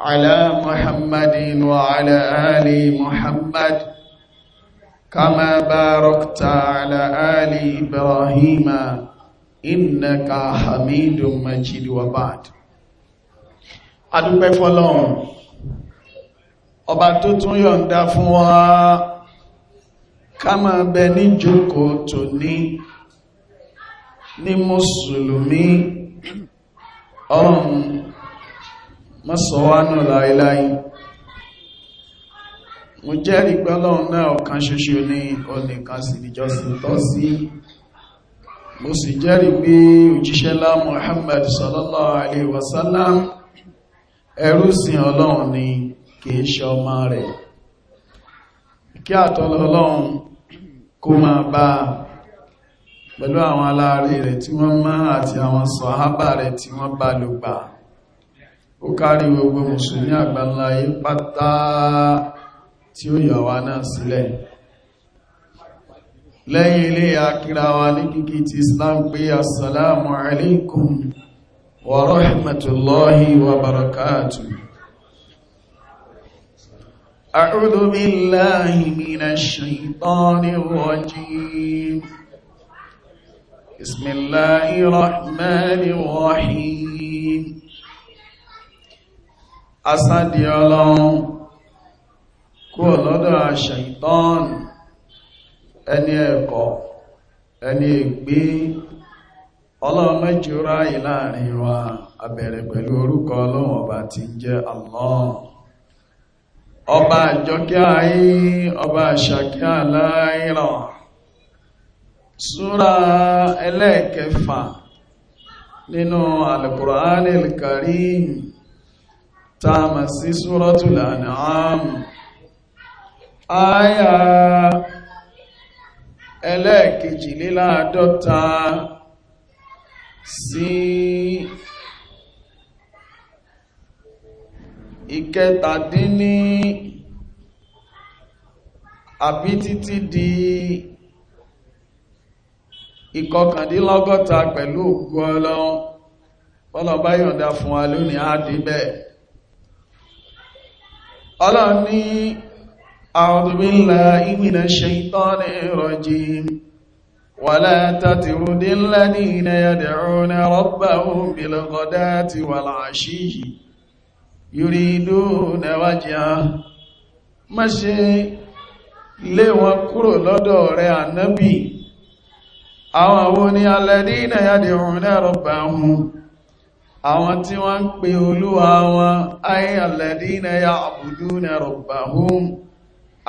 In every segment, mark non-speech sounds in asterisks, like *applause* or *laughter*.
على محمد وعلى آل محمد كما باركت على آل إبراهيم إنك حميد مجيد وبعد adúpẹ́ fọ́lọ́run ọba tó tún yọ̀ǹda fún wa ká máa bẹ ní jókòó tòní ní mùsùlùmí ọ̀run má sọ wá náà láíláí mo jẹ́rìí pé ọlọ́run náà ọ̀kan ṣoṣo ní ọ̀nìkan sì níjọsìn tọ́ sí mo sì jẹ́rìí pé òjíṣẹ́lá Muhammad sallallahu alaihi wasallam ẹrú sí ọlọ́run ni kìí ṣe ọmọ rẹ̀ kí àtọ́lọ́ ọlọ́run kó máa bá pẹ̀lú àwọn aláàrí rẹ̀ tí wọ́n máa àti àwọn sọ̀hábà rẹ̀ tí wọ́n bá lò ó kárí gbogbo mùsùlùmí àgbàlá ayé pátá tí ó yà wá náà sílẹ̀ lẹ́yìn ilé àkíra wa ní kíkí ti Islam pé assalamu alaikum wa rahmatullahi wa barakatuh أعوذ بالله من الشيطان الرجيم بسم الله الرحمن الرحيم asádi ọlọ́run kú ọ̀lọ́dọ̀ ẹni ẹ̀kọ́ ẹni ègbé ọlọ́run mẹ́jọ ráyì láàrin wa abẹ̀rẹ̀ pẹ̀lú orúkọ ọlọ́run ọba ti ń jẹ́ ọba ayé ọba aláìrọ̀ súra ẹlẹ́ẹ̀kẹfà nínú táàmà sí Suratul An'am àyà ẹlẹ́ẹ̀kejìléláàádọ́ta sí ìkẹtàdínní àbí títí di ìkọkàndínlọ́gọ́ta pẹ̀lú ògùn ọlọ́run bọ́lọ̀ bá yọ̀ǹda fún wa lónìí á dé ọlọ́run ní a'udhu billahi minash shaitanir rajim wala tatrudil ladina yad'una rabbahum bil ghadati wal 'ashiyyi yuriduna wajhah má ṣe lé wọn kúrò lọ́dọ̀ rẹ̀ ànábì àwọn àwọn ni alladina yad'una rabbahum àwọn tí wọ́n ń pe olúwa wọn ayé alladina ya'buduna rabbahum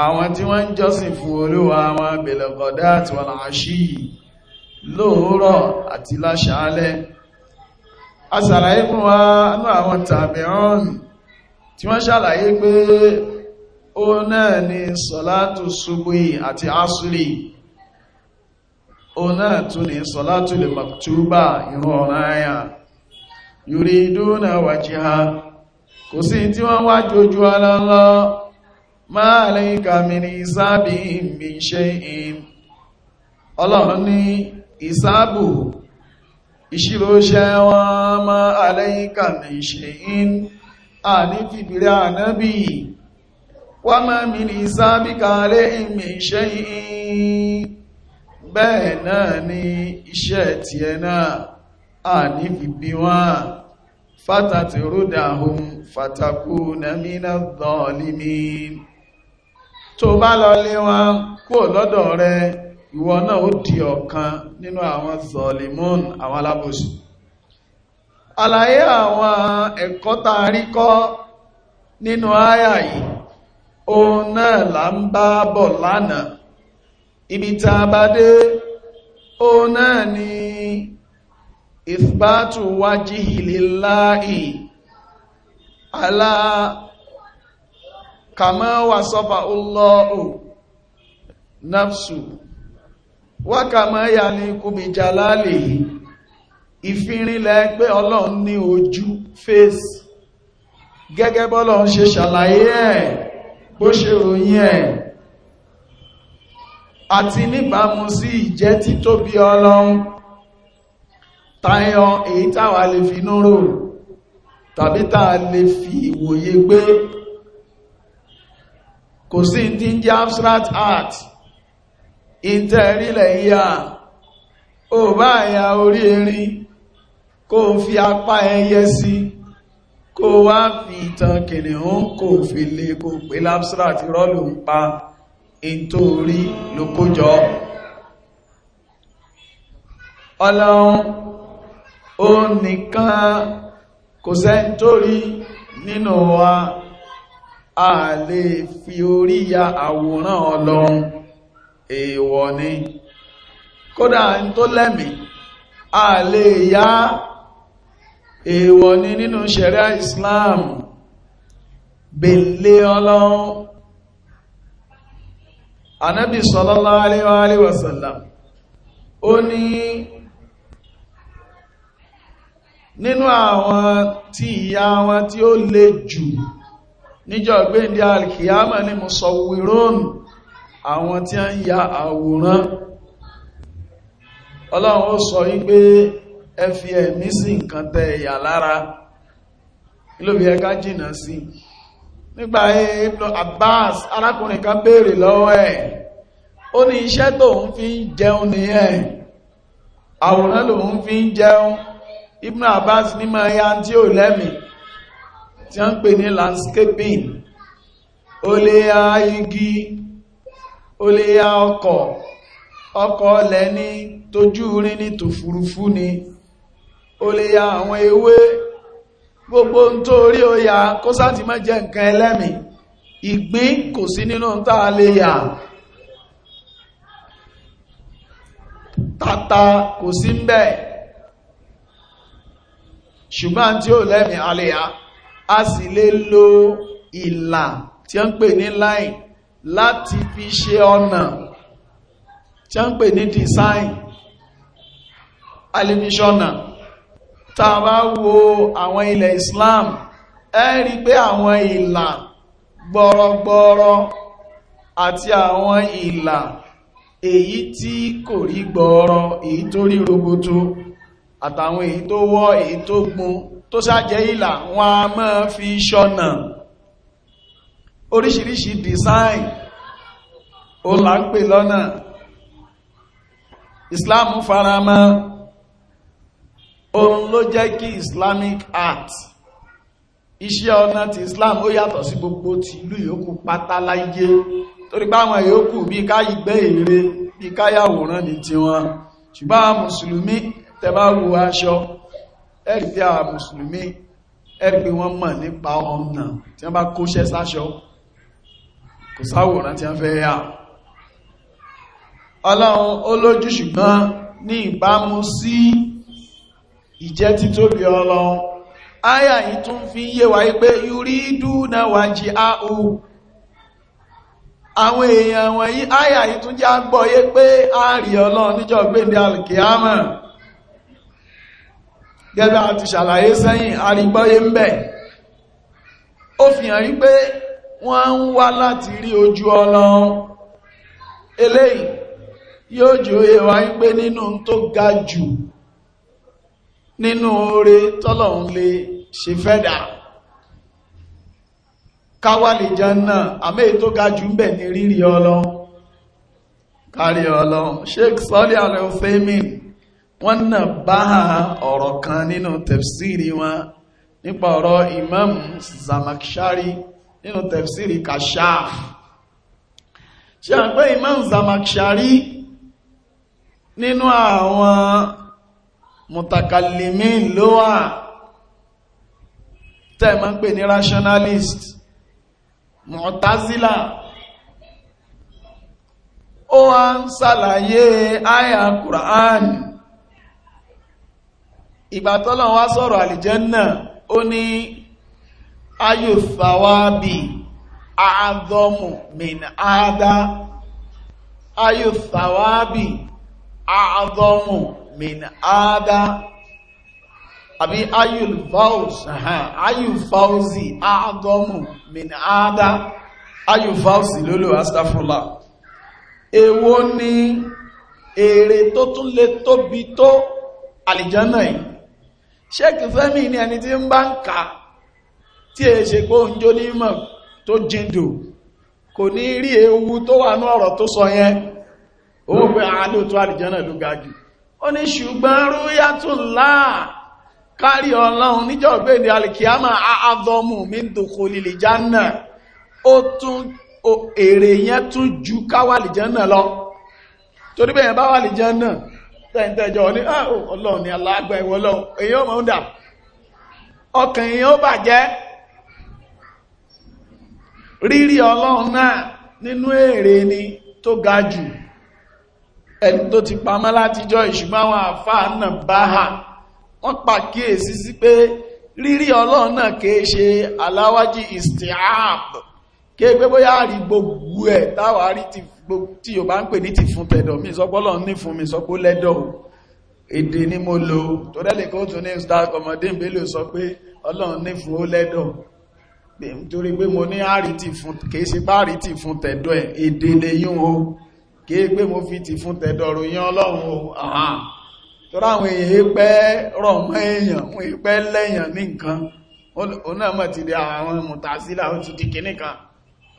àwọn tí wọ́n ń jọ́sìn fún olúwa wọn bilghadat wal ashi lóòrọ̀ àti láṣálẹ́ a ṣàlàyé fún wa ní àwọn tabi'un tí wọ́n ṣàlàyé pé ó náà ni sọ́látù ṣubú àti asùlì ó náà tún ni sọ́látù lè mọ̀túbà yuriduna wajha kò sí tí wọ́n ala nla, ara wọn ma alayka min hisabihim min shay'in ọlọ́run ní ìsáàbù ìṣirò ṣẹ́ wọn ma alayka min shay'in a ní fìbìrẹ́ ànábì wa ma min hisabika alayhim min shay'in bẹ́ẹ̀ náà ni iṣẹ́ tiẹ̀ náà àní fi bí wọ́n fátàtì rúdàhùn fàtàkù nàmínà dọ̀ọ̀límí tó bá lọ lé wọn kúrò lọ́dọ̀ rẹ ìwọ náà ó di ọ̀kan nínú àwọn zọ̀ọ̀límọ́n àwọn alábòsí àlàyé àwọn ẹ̀kọ́ tá a rí kọ́ nínú àyà yìí òun náà là ń bá bọ̀ lánàá ibi tá a bá dé òun náà ni ìfbátù wájíhì lillahi alá kàmá wà sọ́fà Allahu nafsu wákàmá yà ní kúbi jalálì ìfinrinlẹ̀ pé ọlọ́run ní ojú face gẹ́gẹ́ bọ́lọ́run ṣe ṣàlàyé ẹ̀ bó ṣe ròyìn ẹ̀ àti níbàmú sí ìjẹ́ títóbi ọlọ́run tayọ èyí táwà lè fi inú rò tàbí tàà lè fi ìwòye gbé kò sí tí ń jẹ́ abstract art ìtẹ̀rílẹ̀ ìyá ò bá ìyá orí erin kó fi apá ẹyẹ sí kó wá fi ìtàn kìnnìún kó fi lè kó pè abstract rọ́lù ń pa ìntorí lókójọ́ ọlọ́run òun nìkan kò sẹ́ni tó nínú wa a lè fi orí ya àwòrán ọlọ́run èèwọ̀ ni kódà ń tó lẹ́mì a lè yá èèwọ̀ ni nínú ṣẹ̀ríà Islam bèlé ọlọ́run anábì sallallahu alaihi wa sallam ó ní nínú àwọn tí ìyà wọn tí ó le jù níjọ́ gbéǹdé alkiyama ní musawwirun àwọn tí a ń ya àwòrán ọlọ́run ó sọ wípé ẹ fi ẹ̀mí sí nǹkan tẹ ẹ̀yà lára ilóbi ẹka jìnà sí nígbà Ibn Abbas arákùnrin kan béèrè lọ́wọ́ ẹ̀ ó ní iṣẹ́ tóun fi ń jẹun nìyẹn àwòrán lòun fi jẹun Ibn Abbas ní máa ya tí ó lẹ́mì tí a pè ní landscaping ó ya igi ó ya ọkọ̀ ọkọ̀ lẹ́ ní tójú rí ní tòfurufú ni ó lè ya àwọn ewé gbogbo ń tó orí ó ya kó sáti má jẹ́ nǹkan ẹlẹ́mì ìgbín kò sí nínú táa lè yà tata kò sí ń bẹ́ẹ̀ ṣùgbọ́n tí ó lẹ́mì alẹ́yà a sì lè lo ìlà tí ó ń pè ní line láti fi ṣe ọ̀nà tí ó ń pè ní design alimiṣọ́nà tá bá wo àwọn ilẹ̀ Islam ẹ rí pé àwọn ìlà gbọ́rọgbọ́rọ àti àwọn ìlà èyí tí kò rí gbọ́ọ̀rọ̀ èyí tó rí roboto àtàwọn èyí tó wọ́ èyí tó gun tó sájẹ́ ìlà wọn a máa fi ṣọ́nà oríṣiríṣi design ó là ń pè lọ́nà Islam faramọ́ òun ló jẹ́ kí Islamic art iṣẹ́ ọ̀nà ti Islam ó yàtọ̀ sí gbogbo ti ìlú yòókù pátá láyé torí pé àwọn yòókù bí ká ìgbẹ́ ère bí ká yàwòrán ní tiwọn ṣùgbọ́n mùsùlùmí tẹbá wo aṣọ ẹ̀rì tí àwọn mùsùlùmí ẹ̀rì pé wọ́n mọ̀ nípa ọ̀nà tí wọ́n bá kóṣẹ́ sáṣọ kò sáwòrán tí wọ́n fẹ́ yà ọlọ́run olójú ṣùgbọ́n ní ìbámu sí ìjẹ́ títóbi ọlọ́run áyà yìí tún fi yé wa pé yúrí dúnà wájí áhù àwọn èèyàn wọ̀nyí áyà yìí tún já gbọ́ yé pé a rí ọlọ́run níjọ́ gbéǹdé alìkìámọ̀ gẹ́gẹ́ àti ṣàlàyé sẹ́yìn àrígbọ́yé ń bẹ̀ ó fi hàn rí pé wọ́n ń wá láti rí ojú ọlọ́run eléyìí yóò jù ó yé wa pé nínú tó ga jù nínú oore tọ́lọ̀un lè ṣe fẹ́dà káwàlì janna àmẹ́ tó ga jù ń bẹ̀ ní rírí ọlọ́run kárí ọlọ́run sheikh sọ́lẹ̀ alẹ́ òfèmín wọ́n nà bá ọ̀rọ̀ kan nínú tẹ̀fsìrì wọn nípa ọ̀rọ̀ imam zamakshari nínú tẹ̀fsìrì kashaf ṣe àpẹ́ imam zamakshari nínú àwọn mutakalimi ló wà tẹ́ẹ̀mọ́ pè ní rationalist mu'tazila ó wá ń ṣàlàyé àyà Qur'an ìgbà tọ́lọ́run wá sọ̀rọ̀ àlìjẹ́nà ó ní ayò thawabi àádọ́mù min àádá ayò thawabi àádọ́mù min àádá àbí ayò fauzi ayò fauzi àádọ́mù min àádá ayò fauzi lólò astafula èwo ni èrè tó tún lè tóbi tó àlìjẹ́nà yìí ṣẹ́kì fẹ́mì ni ẹni tí ń bá ń kà tí è ṣe kó ń jó ní mọ̀ tó jíndò kò ní rí ewu tó wà ní ọ̀rọ̀ tó sọ yẹn ó pé àádótó ah, àlìjánà ló ga jù ó ní ṣùgbọ́n rúyà láà kárí ọlọ́run níjọ̀gbé ní àádọ́mù mi lílì jánà yẹn tún ju káwà lọ torí bẹ́ẹ̀ bá wà tẹ́ntẹ́jọ ní ah, oh, ọlọ́run ni alágbà ìwọ ọlọ́run èyí ọmọ ń dà ọkàn èyàn ó jẹ́ rírí ọlọ́run náà nínú èrè ni tó ga jù ẹni tó ti pamọ́ látijọ́ ìṣùgbọ́n àfáà náà bá hà wọ́n pàkíyèsí sí pé rírí ọlọ́run náà kìí ṣe aláwájí istiab kéè pé bóyá rí gbogbo ẹ̀ táwà rí tí yóò bá ń pè ní ti fún tẹ̀dọ̀ mi sọpọ́lọ̀ ní fún mi sọpọ́ lẹ́dọ̀ èdè ni mo lò tó rẹ́lẹ̀ kó tún ní star ọmọdé ìbélò sọ pé ọlọ́run ní fún ó lẹ́dọ̀ torí pé mo ní àrí ti fún kìí ṣe bá rí ti fún tẹ̀dọ̀ ẹ̀ èdè lè yún o kìí pé mo fi ti fún tẹ̀dọ̀ ròyìn ọlọ́run o àhán torí àwọn èèyàn pẹ́ rọ̀ mọ́ èèyàn wọ́n pẹ́ lẹ́yàn ní nǹkan ó náà mọ̀ ti di àwọn mùtàsílà ó ti di kìnnìkan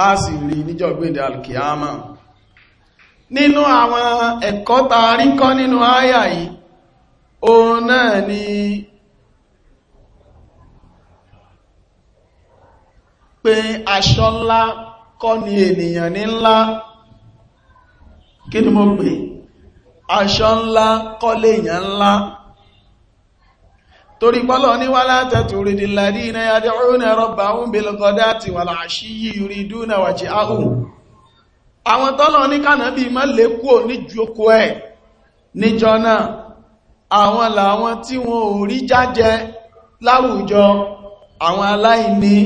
a sì rí níjọ̀gbẹ̀dẹ̀ alkiyama nínú àwọn ẹ̀kọ́ tààrí kọ́ nínú àyà yìí òun náà ni pé aṣọ ńlá kọ́ ni ènìyàn ní ńlá kí ni mo pè aṣọ ńlá kọ́ lèèyàn ńlá torí pọ́lọ̀ ní wá látẹ̀tù rìdìláàdì iná ya dẹ̀rún rọ́bà ń bí lọ́gọ́dá ti wà láàṣí yìí rí dúnà wà jí áhùn àwọn tọ́lọ̀ ní kànábí má lè kúò ní jókó ẹ̀ níjọ́ náà àwọn làwọn tí wọn ò rí jájẹ láwùjọ àwọn aláìní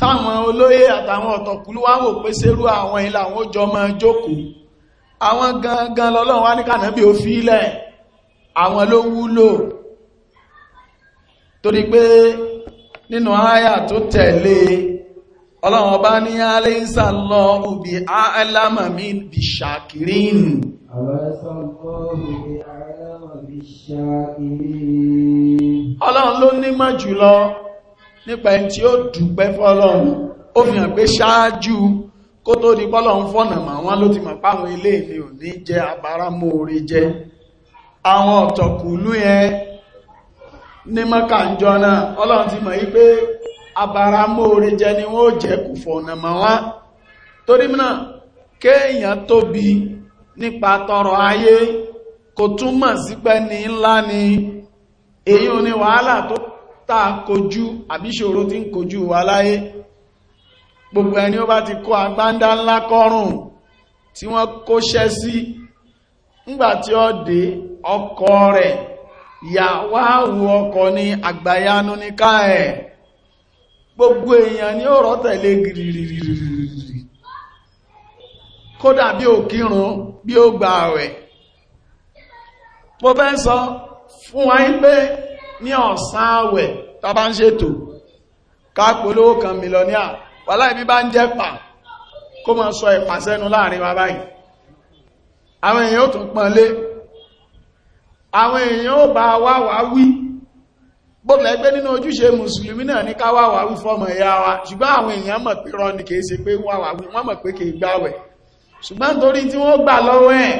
táwọn olóyè àtàwọn ọ̀tọ̀kùlú wá àwọn ilé àwọn ó máa jókòó àwọn gangan lọ́lọ́run ní kànábí ó fi ilẹ̀ àwọn ló wúlò torí pé nínú àyà tó tẹ̀lé ọlọ́run ọba ní aléìsà lọ òbí alámàmí bí ṣàkìrín ọlọ́run ló nímọ̀ jùlọ nípa ẹni tí ó dúpẹ́ fọ́lọ́run ó fi hàn pé ṣáájú kó tó di pọ́lọ́run fọ́nà mà ló ti mọ̀ páwọn ilé ìlú ní jẹ́ abáramóore jẹ́ àwọn ọ̀tọ̀kùlú yẹn ní mọ́kà ń jọ náà ọlọ́run ti mọ̀ wípé jẹ ni wọ́n jẹ́ kù fọ̀nà mọ́ wá torí kéèyàn tóbi nípa tọrọ ayé kò túmọ̀ sí pé ní ńlá ni èyí ò ní wàhálà tó tà kojú àbíṣòro tí ń kojú gbogbo ẹni ó bá ti kó ńlá kọrùn tí wọ́n kóṣẹ́ sí tí ọkọ rẹ̀ yàwá wo ọkọ ní àgbàyanu ní ká ẹ̀ gbogbo èèyàn ní ọ̀rọ̀ tẹ̀lé gìrìrìrìrì kódà bí ò kírun bí ó gba àwẹ̀ mo fẹ́ sọ fún wa ń pé ní ọ̀sán àwẹ̀ tàbá ń ṣètò kápolówó kan mílọ́níà wàlá ìbí bá ń jẹ́ pà kó mọ́ sọ ìpàsẹ́nu láàrin wa báyìí àwọn èèyàn ó tún pọ́nlé àwọn èèyàn ó bá wá wá wí bóòlẹ̀ pé nínú ojúṣe mùsùlùmí náà ní ká wá wá wí fọ́mọ ìyá wa ṣùgbọ́n àwọn èèyàn mọ̀ pé rọ́ ní kìí ṣe pé wá wá wí wọ́n mọ̀ pé kìí gbáwẹ̀ ṣùgbọ́n torí tí wọ́n gbà lọ́wọ́ ẹ̀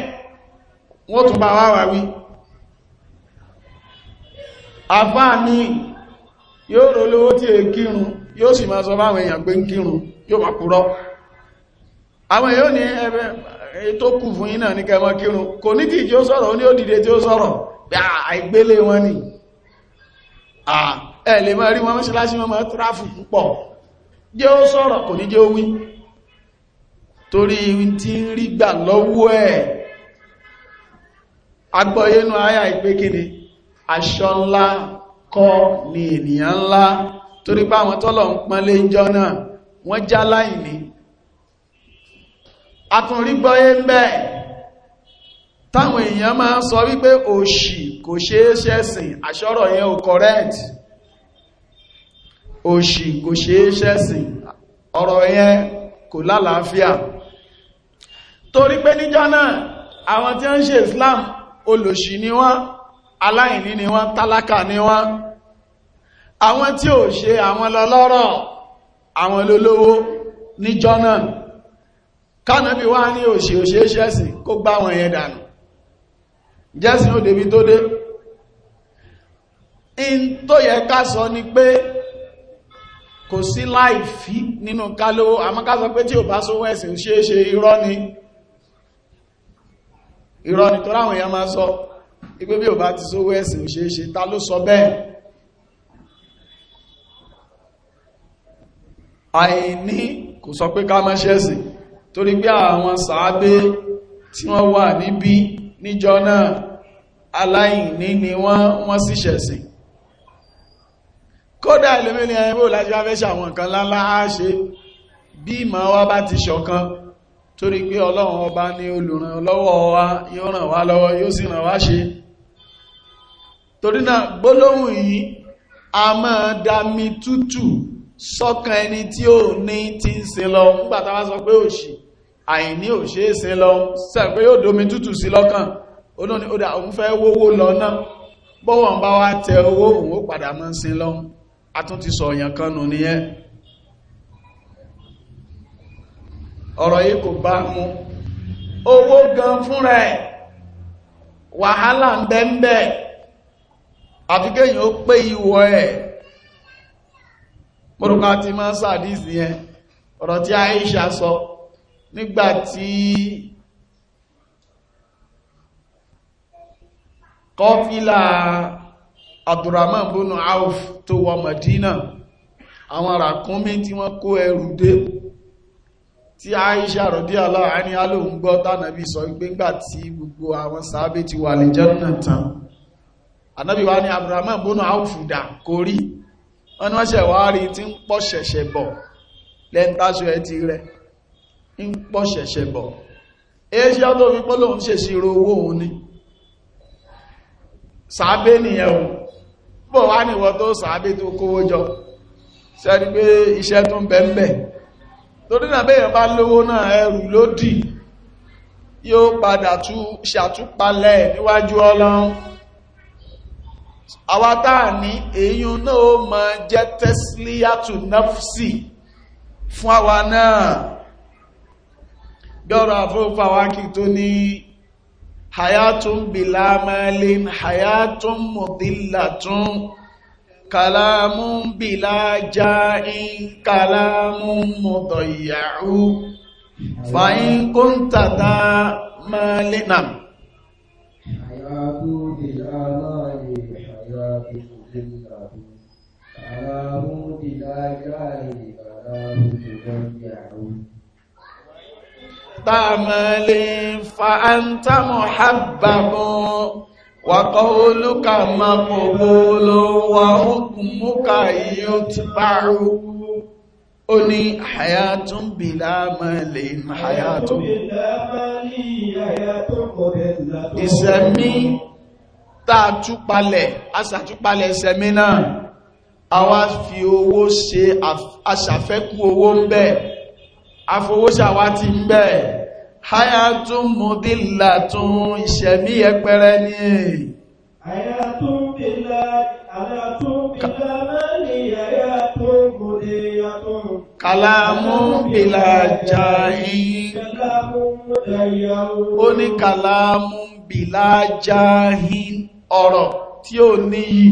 èyí tó kù fún yín náà ní kẹmọ kírun kò ní kìí tí ó sọ̀rọ̀ ní ó dìde tí ó sọ̀rọ̀ bí àìgbélé wọn ni ẹ lè máa rí wọn mọ́ṣáláṣí wọn máa tráfù púpọ̀ jẹ́ ó sọ̀rọ̀ kò ní jẹ́ ó wí torí tí ń rí gbà lọ́wọ́ ẹ̀ agbọ́yénú àyà ìpé kíni aṣọ ńlá kọ́ ni ènìyàn ńlá torí wọ́n já láìní àtúnrí gbọ́yé ń bẹ́ táwọn èèyàn máa ń sọ wípé òṣì kò ṣeé ṣẹ̀sìn àṣọ́rọ̀ yẹn ò correct òṣì kò ṣeé ṣẹ̀sìn ọ̀rọ̀ yẹn kò lálàáfíà torí pé níjọ́ náà àwọn tí ó ń ṣe Islam olòṣì ni wọ́n aláìní ni wọ́n tálákà ni wọ́n àwọn tí ò ṣe àwọn lọ́lọ́rọ̀ àwọn lólówó níjọ́ náà tánàbí wá ní òṣì òṣèṣẹ́sì kó gbá wọn yẹn dànù jẹ́sìn ó débi tó dé in tó yẹ ká sọ ni pé kò sí láìfí nínú kálówó àmọ́ ká sọ pé tí ò bá sówó ẹ̀sìn ṣeéṣe irọ́ ni irọ́ ni tó ráwọn èèyàn máa sọ ipé bí ò bá ti sówó ẹ̀sìn ṣeéṣe ta ló sọ bẹ́ẹ̀ àìní kò sọ pé ká má ṣẹ̀sìn torí pé àwọn sàábé tí wọ́n wà níbí níjọ náà aláìní ni wọ́n wọ́n sì ṣẹ̀sìn kódà ìlúmí ni ẹ̀yìnbó láti wá fẹ́ ṣàwọn nǹkan lálá á ṣe bí ìmọ̀ wa bá ti ṣọ̀kan torí pé ọlọ́run ọba ni olùrànlọ́wọ́ wa yóò ràn wá lọ́wọ́ yóò sì ràn wá ṣe torí náà gbólóhùn yìí a máa dá tútù sọ́kàn ẹni tí ó ní tí ń sin lọ nígbàtà wá sọ pé òṣì àìní òṣè sin lọ sẹ́ pé yóò domi tútù sí lọ́kàn olóni ó dà òun fẹ́ wówó lọ náà bọ́wọ̀n bá wá tẹ owó òun ó padà mọ́ sin lọ a tún ti sọ̀yàn kan nù nìyẹn ọ̀rọ̀ yìí kò bá mú owó gan fúnra ẹ̀ wàhálà ń bẹ́ńbẹ́ àfikẹ́yìn ó pé ìwọ ẹ̀ mọ́rùká ti máa sàdísì yẹn ọ̀rọ̀ tí Aisha sọ nígbàtí kọfílà Abdurrahman bónú Auf tó wọ Madina àwọn ràkúnmí tí wọ́n kó ẹrù dé tí Aisha rọ̀dí aláà ní alóhun gbọ́ tánàbí sọ wípé ńgbà tí gbogbo àwọn sàábé ti wà lè jẹ́ náà anábíwá ní Abdurrahman bónú Auf dà kórí wọ́n ni wọ́n ṣẹ̀ wá rí tí ń pọ̀ ṣẹ̀ṣẹ̀ bọ̀ lẹ́ntàṣọ ẹ ti rẹ̀ ń pọ̀ ṣẹ̀ṣẹ̀ bọ̀ eéṣẹ́ tó fi pọ́ lóun ṣe ṣírò owó òun ni sàábé nìyẹn o bọ̀ wá nìwọ tó sàábé tó kówó jọ sẹ́ni pé iṣẹ́ tó ń bẹ̀m̀bẹ̀ torí náà bẹ́yàn àwa tá a ní èyún náà ó mọ jẹ́ tẹ́sílíyàtù nafsi fún àwa náà dọ́rọ̀ àfọ́fàwákì tó ní hayatun bilamalin hayatun mudillatun kalamun bilaja'in kalamun mudayya'u fa'in kunta da malin nam hayatun bilamalin تعمل فأنت محبب وقولك مقبول وحكمك يتبع أني حياة بلا مال حياة ìṣẹ̀mí tá a tú palẹ̀ a ṣàtúpalẹ̀ ìṣẹ̀mí náà a wá fi owó ṣe aṣàfẹ́kù owó ń bẹ afowóṣàwá ti ń bẹ háyà tún mú dìlà tún ìṣẹ̀mí ẹpẹrẹ ní àyà tún dìlà àyà tún dìlà mẹ́rin àyà tún gòdè yàtọ̀ kàlámù ìlà jàáyí ó ní kàlámù bìlà jàáyí ọ̀rọ̀ tí ó níyì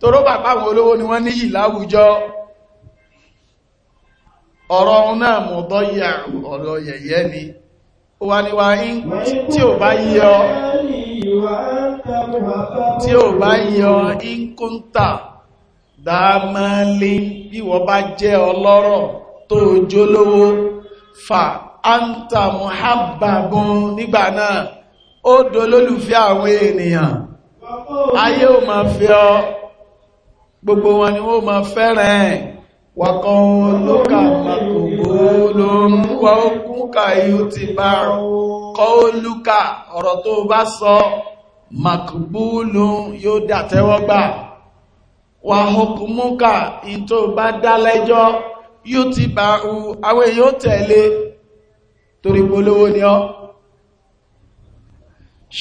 toró bàbá àwọn olówó ni wọ́n níyì láwùjọ ọ̀rọ̀ náà mọ̀ bọ́yà ọ̀rọ̀ yẹ̀yẹ́ ni ó wá ní wá tí ò bá yíọ tí ò bá yíọ ìkúntà dámálé bí wọ́n bá jẹ́ ọlọ́rọ̀ tó jólówó fà áńtà muhabbabun nígbà náà ó dolólùfẹ́ àwọn ènìyàn ayé ò máa fi ọ gbogbo wọn ni wọ́n máa fẹ́ràn ẹ̀ wàkan olókà màkògbò ló ń wá ókúnkà yóò ti bá kọ́ olúkà ọ̀rọ̀ tó bá sọ màkògbò ló yóò dàtẹ́wọ́gbà wà hókúnmúkà in bá dá yóò ti bá ru àwọn èèyàn tẹ̀lé torí polówó ni ọ́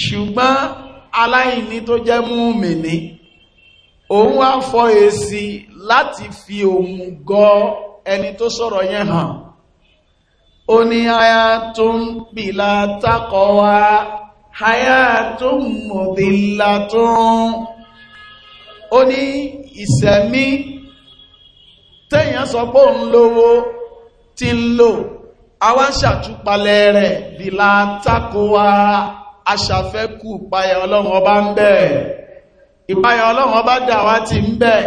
ṣùgbọ́n aláìní tó jẹ́ mú mìíní òun wá fọ èsì láti fi òun gọ̀ ẹni tó sọ̀rọ̀ yẹn hàn ó ní aya tó ń pìlà takọ̀ wá aya tó ń mọ̀dílà tó ń ó ní ìsẹ̀mí tẹ́yàn sọ pé òun lówó tí ń lò àwa ṣàtúpalẹ̀ rẹ̀ bìlà takọ̀ wá aṣàfẹ́kù payà ọlọ́run ọba ń bẹ̀ẹ̀ ìpayà ọlọ́run bá dà wá ti ń bẹ̀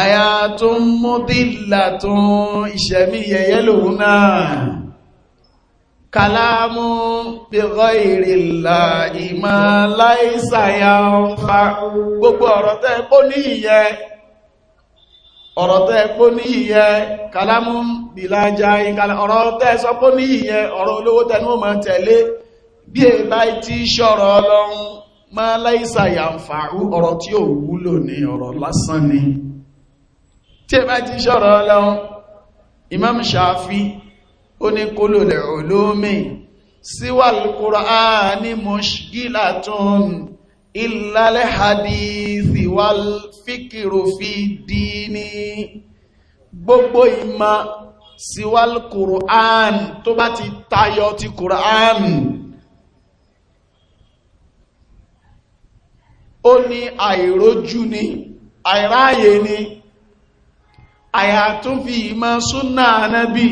àyà tó ń mú dìlà tó ń ìṣẹ̀mí yẹyẹ lòun náà kàlámù bíkọ́ ìrìnlá ìmọ̀ láìsàyà ọ̀fà gbogbo ọ̀rọ̀ tẹ́ kó ní ìyẹ ọ̀rọ̀ tẹ́ kó ní ìyẹ kàlámù bìlájá ọ̀rọ̀ tẹ́ sọ kó ní ìyẹ ọ̀rọ̀ olówó tẹnu mọ̀ tẹ̀lé bí èbá ti ṣọ̀rọ̀ ọlọ́run ma láìsà yàǹfààrú ọ̀rọ̀ tí ó wúlò ní ọ̀rọ̀ lásán ni tí ẹ bá ti ṣọ́rọ̀ ọlọ́run imam shafi ó ní kólò lẹ̀ olómi síwàlùkúrọ̀ áà ní mọ́ṣígílà tún ìlàlẹ̀ hadithi wà fíkìrò fi dí ní gbogbo ìmọ̀ síwàlùkúrọ̀ áà tó bá ti tayọ ti kùrọ̀ áà ó ní àìrójú ni àìráyè ni àyàtúnfi ìmọ̀ súnà anábì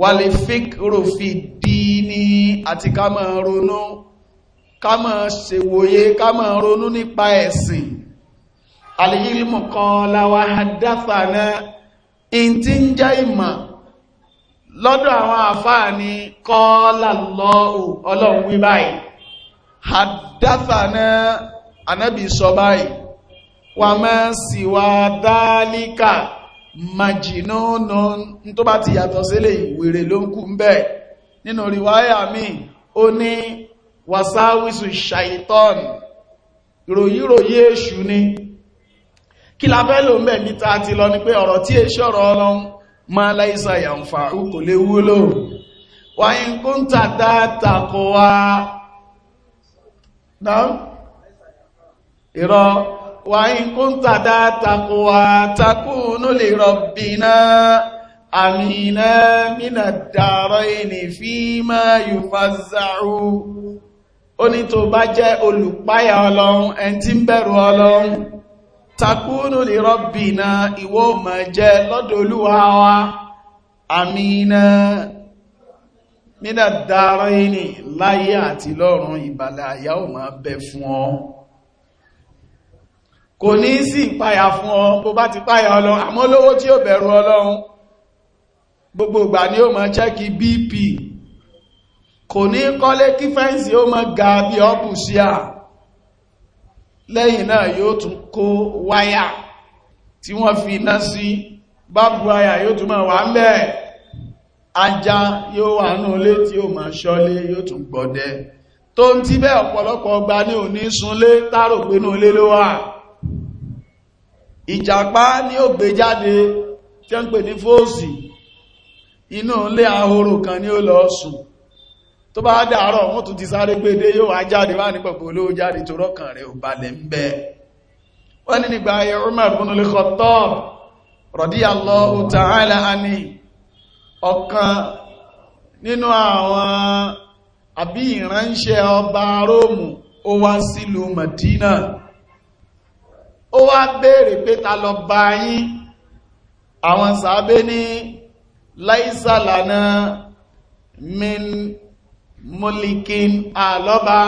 wàlè fíkìrò fi dí ní àti ká máa ronú ká máa ṣèwòye ká máa ronú nípa ẹ̀sìn alìyílmù kan láwa hadáfà náà in ti ń jẹ́ ìmọ̀ lọ́dọ̀ àwọn àfáà kọ́ lálọ́ọ̀ ọlọ́run wí báyìí anábì sọ báyìí wà máa sì wá dálíkà màjìnúnú tó bá ti yàtọ̀ sílé ìwèrè ló ń kú ń bẹ̀ nínú ríwáyà mi ó ní wàsáwìsù ṣàìtọ́n ìròyìnròyí èṣù ni kí la fẹ́ lò ń bẹ̀ ti lọ ni pé ọ̀rọ̀ tí èṣù ọ̀rọ̀ ọlọ́run máa láìsà yàǹfà kò lè wúlò wáyé kúntà dáadáa kọ wá náà ìrọ̀ wáyín kúntàdá takuwa takúnú lè rọ̀bìnà àmìnà mínà dàrọ̀ ìní fí máa yù fàzàrù ó ní tó bá jẹ́ olùpáyà ọlọ́run ẹn tí ń bẹ̀rù ọlọ́run takúnú lè rọ̀bìnà ìwọ mọ̀ jẹ́ lọ́dọ̀ olúwa àmìnà mínà dàrọ̀ ìní láyé àti lọ́run ìbàlẹ̀ àyà ò máa bẹ fún ọ kò ní sí ìpáyà fún ọ bó bá ti páyà ọlọ́run àmọ́ lówó tí ó bẹ̀rù ọlọ́run gbogbo ìgbà ni ó mọ chẹ́kì bp kò ní kọ́lé kí fẹ́ǹsì ó mọ ga bí ọ́pù sí à lẹ́yìn náà yóò tún kó wáyà tí wọ́n fi iná sí bábú wáyà yóò tún mọ̀ wà ń bẹ́ẹ̀ ajá yóò wà ní olé tí ó mọ̀ ṣọ́lé yóò tún gbọ́dẹ tó ń tí bẹ́ẹ̀ ọ̀pọ̀lọpọ̀ ọgbà ní òní súnlé tárò pé ní olé ló wà ìjàpá ní ó gbé jáde tí ń pè ní fóòsì inú ilé ahoro kan ní ó lọ sùn tó bá wọ́n tún ti sáré pé dé yóò wá jáde wá ní pọ̀pọ̀ olówó jáde tó rọ́kàn rẹ̀ ò balẹ̀ ń bẹ́ wọ́n ní nígbà ó wá béèrè pé ta lọ bá yín àwọn sàábé ní láìsàlànà min mọ́líkín àlọ́bá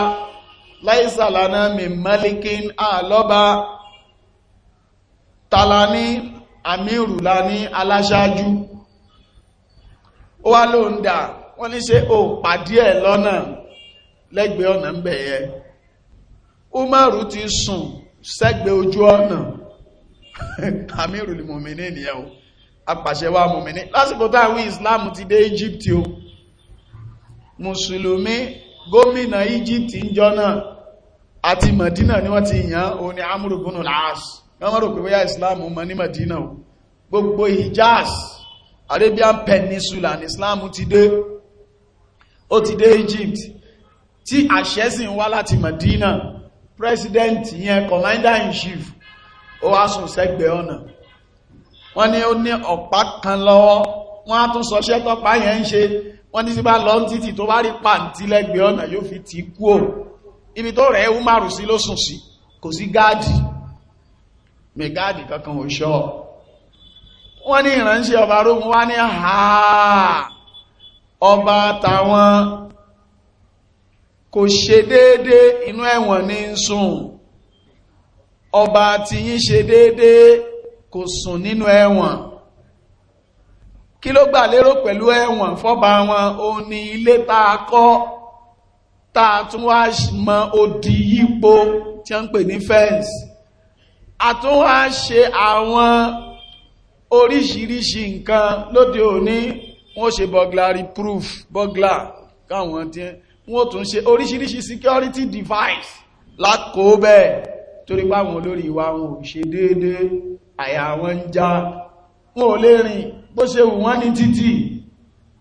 láìsàlànà min mọ́líkín àlọ́bá tàlà ní àmìrù la ní aláṣáájú ó wá ló ń dà wọ́n ní ṣe ò pàdí ẹ̀ lọ́nà lẹ́gbẹ̀ẹ́ ọ̀nà ń bẹ̀yẹ Umaru ti sùn sẹ́gbẹ̀ ojú ọ̀nà amirul *laughs* mọ̀mìnì nìyẹn o apàṣẹwà mọ̀mìnì lásìkò táwọn islam ti dé egypt o mùsùlùmí gómìnà egypt ń jọ náà àti madina ni wọ́n ti yàn o ní amúrùgbónù láàásù wọ́n rò pé islam mọ ní madina o gbogbo hijaz arabian peninsula ní islam ti dé ó ti dé egypt tí àṣẹ́sìn wá láti madina president yẹn commander in chief ó wá sùn sẹ́gbẹ̀ẹ́ ọ̀nà wọ́n ní ó ní ọ̀pá kan lọ́wọ́ wọ́n á tún sọṣẹ́ tọ́pá yẹn ń ṣe wọ́n ní sí bá lọ títì tó bá rí pàǹtí lẹ́gbẹ̀ẹ́ ọ̀nà yóò fi ti kú ò ibi tó rẹ̀ ó márùn sí ló sùn sí kò sí gáàdì mi gáàdì kankan ò ṣọ́ wọ́n ní ìránṣẹ́ ọba rógun wá ní àhà ọba táwọn kò ṣe déédé inú ẹ̀wọ̀n ní ń sùn ọba tí yín ṣe déédé kò sùn nínú ẹ̀wọ̀n kí ló gbà lérò pẹ̀lú ẹ̀wọ̀n fọ́ba wọn ó ní ilé tá a kọ́ tá a tún wá mọ odi yípo tí wọ́n ń pè ní fẹ́ǹsì a tún wá ṣe àwọn oríṣiríṣi nǹkan lóde òní wọ́n ṣe burglary proof burglar káwọn tiẹ́ wọ́n tún ṣe oríṣiríṣi security device lákòó bẹ́ẹ̀ torí páwọn olórí wa wọn ò ṣe déédéé àyà wọn ń já wọn ò lè rìn bó ṣe wù wọ́n ní títì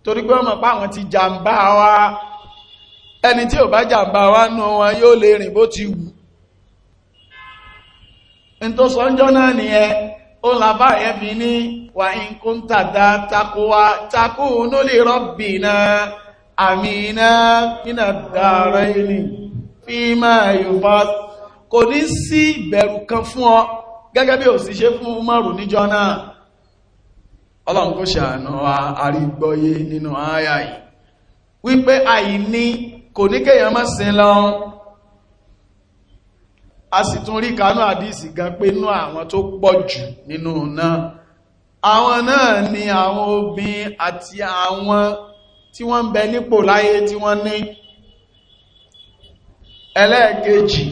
torí pé wọ́n mọ̀ páwọn ti jàǹbá wa ẹni tí ò bá jàǹbá wa nù wọn yóò lè rìn bó ti wù n tó sọ́njọ́ náà nìyẹn ó làbá yẹn fi ní wà ń kó ń tàdá takó wa takó òun lè rọ́bì náà àmìnà nínà dára ilé fi máa yùbá kò ní sí ìbẹ̀rù kan fún ọ gẹ́gẹ́ bí ò sì ṣe fún márùn níjọ́ náà ọlọ́run kó ṣàánú àrígbọ́yé nínú àyà yìí wípé àìní kò ní kéèyàn má sin lọ a sì tún rí kanú àdísì gan pé nú àwọn tó pọ̀ jù nínú náà àwọn náà ni àwọn obìn àti àwọn tí wọ́n ń bẹ nípò láyé tí wọ́n ní ẹlẹ́ẹ̀kejì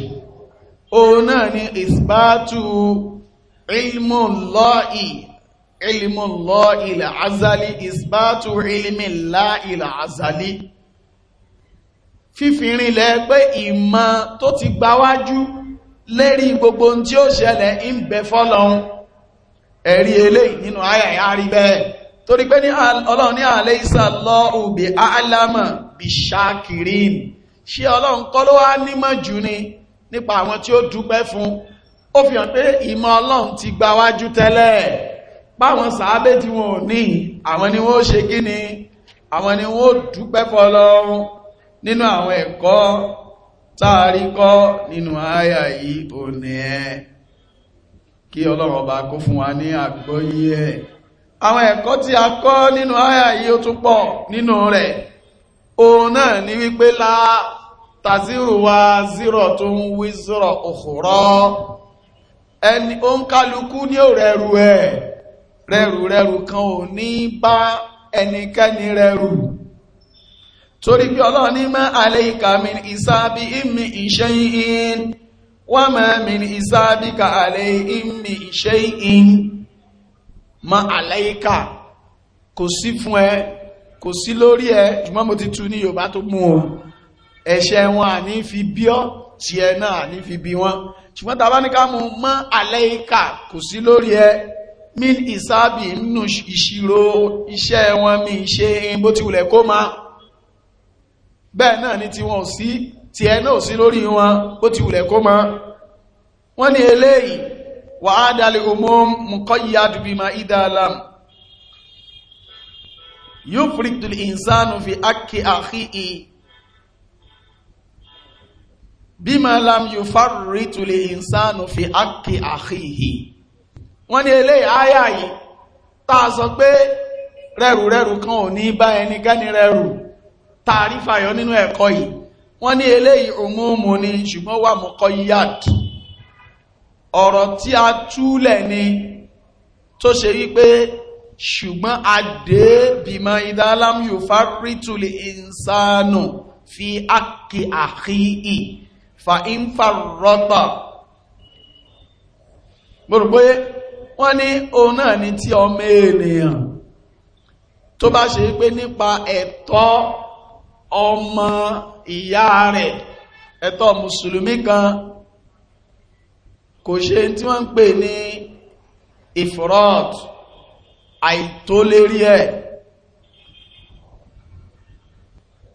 òun náà ni ìsbátù ilmùlọ́ì ilmùlọ́ì ìlàázálí ìsbátù ilmìláì ìlàázálí fífìrinlẹ̀ pé ìmọ̀ tó ti gbáwájú lérí gbogbo tí ó ṣẹlẹ̀ ń bẹ fọ́lọ́un ẹ̀rí eléyìí nínú ayàyà rí bẹ́ẹ̀ torí pé ní ọlọ́run ní àlẹ́ ìsà lọ́ọ̀hùn bí álámà bí ṣákìrín ṣé ọlọ́run kọ́ ló wá nímọ̀ jù ni nípa àwọn tí ó dúpẹ́ fún ó fi hàn pé ìmọ̀ ọlọ́run ti gba wájú tẹ́lẹ̀ báwọn sàábé tí wọn ò ní àwọn ni wọ́n ṣe kí ni àwọn ni wọ́n dúpẹ́ fọlọ́run nínú àwọn ẹ̀kọ́ táàrí kọ́ nínú àyà yìí ò ẹ kí ọlọ́run ọba kó fún wa ní àgbọ́yé ẹ̀ àwọn ẹ̀kọ́ tí a kọ́ nínú àyà yìí ó tún pọ̀ nínú rẹ̀ òun náà ni wípé la tàzírù wa zírọ̀ tó ń wí zírọ̀ òkúrọ́ ẹni ó ń kálukú ní ò rẹrù ẹ̀ rẹrù rẹrù kan ò ní bá ẹnikẹ́ni rẹrù torí pé ọlọ́run ní mẹ́ àlẹ́ìkà mi ní ìsáàbí ìmì ìṣẹ́ ìhìn wọ́n mẹ́ mi ní ìsáàbí ka àlẹ́ ìmì ìṣẹ́ ìhìn ma àlẹ́yíkà kò sí fún ẹ kò sí lórí ẹ ṣùgbọ́n mo ti tú ní yorùbá tó mú o ẹ̀ṣẹ̀ wọn àní fi bí ọ́ tí ẹ náà ní fi bí wọn ṣùgbọ́n tàbá ní ká mú ma àlẹ́yíkà kò sí lórí ẹ min ìsáàbì nínú ìṣirò iṣẹ́ wọn mi ṣe bó ti wùlẹ̀ kó máa bẹ́ẹ̀ náà ni tí ò sí tí náà ò sí lórí wọn bó ti wùlẹ̀ kó máa wọ́n ní eléyìí وعاد العموم مقيد بما إذا لم يفرد الإنسان في حق أخيه بما لم يفرد الإنسان في حق أخيه wọ́n ní eléyìí àyà yìí tá a sọ pé rẹrùrẹrù kan ò ní bá ẹnikẹ́ni rẹrù tààrífàyọ nínú ẹ̀kọ́ yìí wọ́n ní eléyìí òmùmù ni ṣùgbọ́n wà mọ́kọ́ yíyàdì ọ̀rọ̀ tí a túlẹ̀ ni tó ṣe wípé ṣùgbọ́n adé bímọ ìdálámù fárítùlì ìsánù fi ákì àkíì fa ìfàrọ́tà gbogbo wọ́n ní òun náà ni tí ọmọ ènìyàn tó bá ṣe wípé nípa ẹ̀tọ́ ọmọ ìyá rẹ̀ ẹ̀tọ́ mùsùlùmí kan kò ṣe tí wọ́n ń pè ní ifrod àìtólérí ẹ̀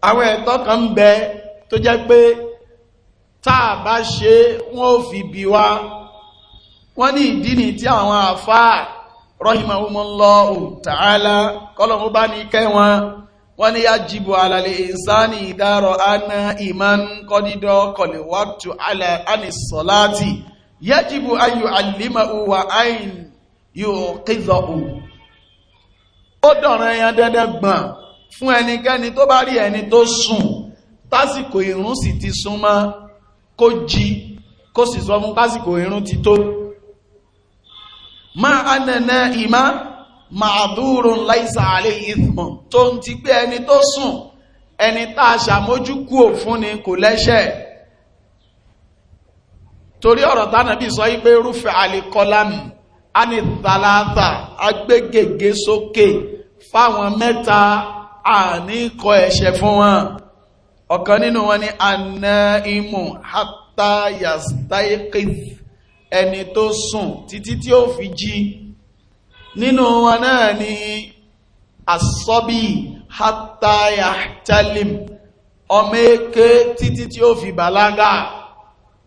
àwọn ẹ̀tọ́ kan ń bẹ tó jẹ́ pé táà bá ṣe wọ́n ò fi bí wá wọ́n ní ìdí ni tí àwọn àfáà rahimahumullahu ta'ala kọ́lọ̀mú bá ní kẹ́ wọn wọ́n ní yájìbò alàlẹ̀ ìsáni ìdárọ̀ aná ìmán kọ́dídọ́ kọ̀lẹ̀wàtù alẹ́ ànìsọ̀láti yẹ́jìbù ayò àlìmọ̀ wà áìn yóò kízọ̀ ò ó dọ̀rọ̀ ẹyàn dandan gbọ̀n fún ẹnikẹ́ni tó bá rí ẹni tó sùn tásìkò ìrun sì ti súnmọ́ kó jí kó sì sọ fún tásìkò ìrun ti tó máa anẹ̀nẹ̀ ìmá màdúrún láìsà àlẹ́ ìthmọ̀ tó ń ti pé ẹni tó sùn ẹni tá a ṣàmójúkú òfún ni kò lẹ́ṣẹ̀ẹ́ torí ọ̀rọ̀ tánàbí sọ wípé rúfẹ́ àlekọ́lámì a ní tàlátà agbégègé sókè fáwọn mẹ́ta àníkọ ẹ̀ṣẹ̀ fún wọn ọ̀kan nínú wọn ni àná imú hátà yàstáìkì ẹni tó sùn títí tí ó fi jí nínú wọn náà ni asọ́bí hátà yàtálìm ọmọ eke títí tí ó fi bàlágà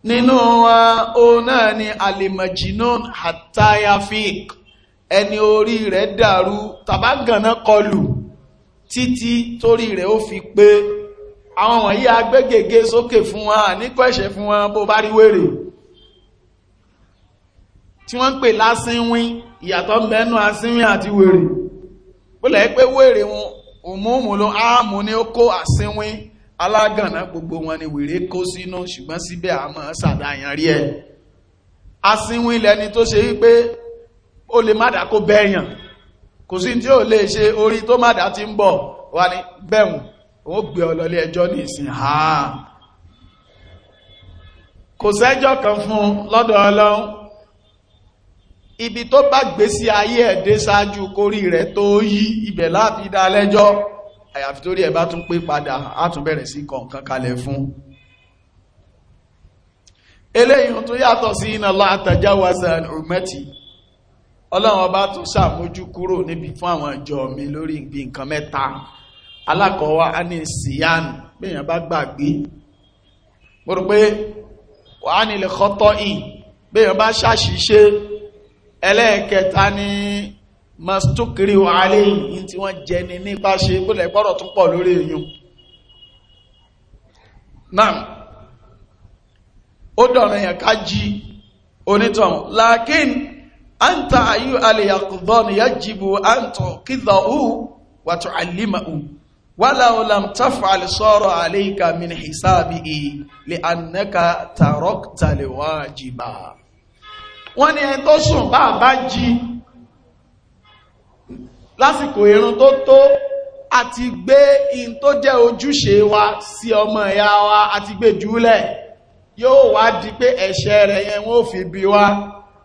nínú wa òun náà ni alimajinon hatayafik ẹni orí rẹ̀ dàrú tàbágànná kọlù títí torí rẹ̀ ó fi pé àwọn wọ̀nyí agbégègé sókè fún wa níkọ́ ẹ̀ṣẹ̀ fún wa bó bá rí wèrè tí wọ́n ń pè lásínwín ìyàtọ̀ mẹ́nu asínwín àti wèrè bó lẹ́ pé wèrè wọn òmùmù ló áàmù ni ó kó àsínwín alágànná gbogbo wọn ni wèrè kó sínú ṣùgbọ́n síbẹ̀ a máa ṣàdáyàn rí ẹ asínwín ilẹ̀ ni tó ṣe wípé ó lè mádà kó bẹ́ẹ̀yàn kò sí tí ó lè ṣe orí tó mádà ti ń bọ̀ wà ní bẹ́ẹ̀hùn ó gbé ọlọ́lé ẹjọ́ ní ìsìn ha kò sẹ́jọ́ kan fún lọ́dọ̀ ọlọ́run ibi tó bá gbé sí ayé ẹ̀dẹ́ ṣáájú kórí rẹ̀ tó yí ibẹ̀ láti dá lẹ́jọ́ àyàfi torí ẹ̀ bá tún pé padà á tún bẹ̀rẹ̀ sí kọ̀ọ̀kan kalẹ̀ fún eléyìn tó yàtọ̀ sí iná látàjá wàsà rùmẹ́tì ọlọ́run ọba tún ṣàmójú kúrò níbi fún àwọn ìjọ mi lórí ìgbì nǹkan mẹ́ta alákọ̀ọ́wá á ní síyánù bá gbàgbé mo rò pé wà á nílẹ̀ kọ́tọ́ ì bẹ́yàn bá ṣàṣìṣe ẹlẹ́ẹ̀kẹta ní mastukiri wàhálẹ̀ yìí tí wọ́n jẹ ní nípa ṣe gbọ́dọ̀ gbọ́dọ̀ tún pọ̀ lórí èyàn náà ó dọ̀rọ̀ èyàn ká jí onítàn lákín anta ayu aliyakudọ́ ni yá jìbò anta kídọ̀ hù wàtò alímàù wàláwò lam tafa alisọ́rọ̀ lásìkò irun tó tó àti gbé in tó jẹ́ ojúṣe wa sí ọmọ ìyá wa àti gbé jùlẹ̀ yóò wá di pé ẹ̀ṣẹ̀ rẹ̀ yẹn wọ́n fi bí wa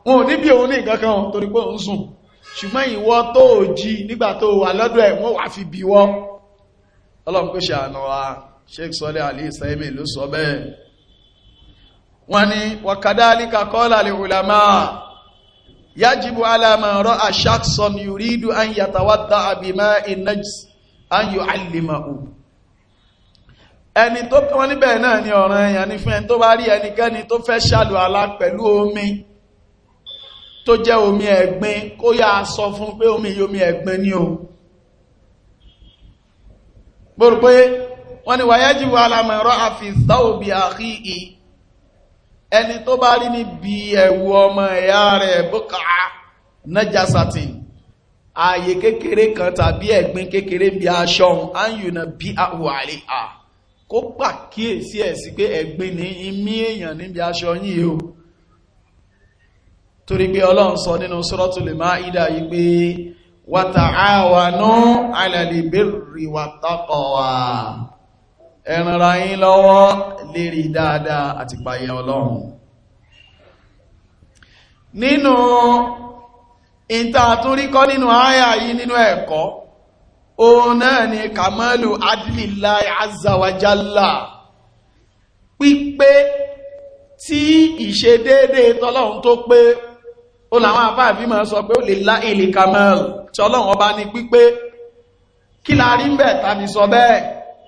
wọn ò ní bí òun ní nǹkan kan torí pé òun sùn ṣùgbọ́n ìwọ tó jí nígbà tó wà lọ́dọ̀ ẹ̀ wọ́n wá fi bí wọ́ ọlọ́run kó ṣàánú wa sheikh sọ́lẹ̀ àlè ìsáyẹ́mì ló sọ bẹ́ẹ̀ wọ́n ní wàkàdá alíkà kọ́lá lè wùlámáà yajibu ala man ra'a shakhsan yuridu an yatawadda bima'in najs an yu'allimahu ẹni tó kàn níbẹ̀ náà ni ọ̀ràn èèyàn ní fún ẹni tó bá rí ẹnikẹ́ni tó fẹ́ ṣàlù àlá pẹ̀lú omi tó jẹ́ omi ẹ̀gbin kó yá sọ fún pé omi yomi ẹ̀gbin ni o gbọ́rù pé wọ́n ni wa yajibu ala man ra'a ẹni tó bá rí níbi ẹ̀wù ọmọ ẹ̀yà rẹ̀ bókà nájàsàtì ààyè kékeré kan tàbí ẹ̀gbin kékeré bí aṣọ ayùnà bí àwọ̀ àlè à kó pàkíyèsí ẹ̀ sí pé ẹ̀gbin ní imí èèyàn níbi aṣọ yìí o torí pé ọlọ́run sọ nínú Suratul Maida yìí pé wa ta'awanu 'alal birri wat taqwa ẹ̀rànra yín lọ́wọ́ lérí dáadáa àti payẹ ọlọ́run nínú ìta àtúríkọ́ nínú àyà yìí nínú ẹ̀kọ́ òun náà ni kàmọ́lù adìlìláì azawajalla pípé tí ìṣedéédé tọ́lọ́run tó pé ó làwọn àfáàbí máa sọ pé ó lè lá ìlìkàmọ́lù tí ọlọ́run ọba ní pípé kí la rí ń bẹ̀ tàbí sọ bẹ́ẹ̀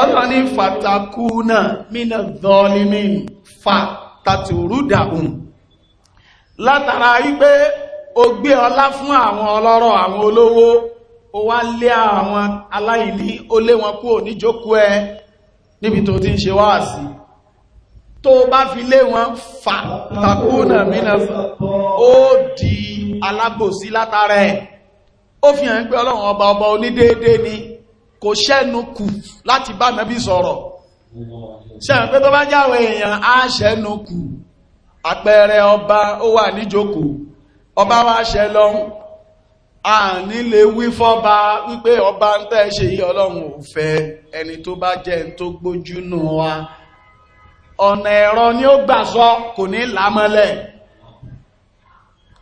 ọ̀nà ní fàtàkùnà mínà dọ́límìn fàtàtùrúdàhùn látara wípé o gbé ọlá fún àwọn ọlọ́rọ̀ àwọn olówó o wá lé àwọn aláìní o lé wọn kúrò níjókòó ẹ níbi tó ti ń ṣe wáàsí tó bá fi lé wọn fàtàkùnà mínà ó di alábòsí látara ẹ̀ ó fi hàn pé ọlọ́run ọba ọba onídéédé ni kò ṣẹ́nu kù láti bá nàbí sọ̀rọ̀ ṣẹ́yàn pé tó bá jáwọ èèyàn á ṣẹ́nu kù àpẹẹrẹ ọba ó wà níjókòó ọba wá ṣẹ lọ́hún a nílé wí fọ́ba wípé ọba ń tẹ́ ṣe yí ọlọ́run ò fẹ́ ẹni tó bá jẹ́ tó gbójúnú wa ọ̀nà ẹ̀rọ ni ó gbà sọ kò ní lámọ́lẹ̀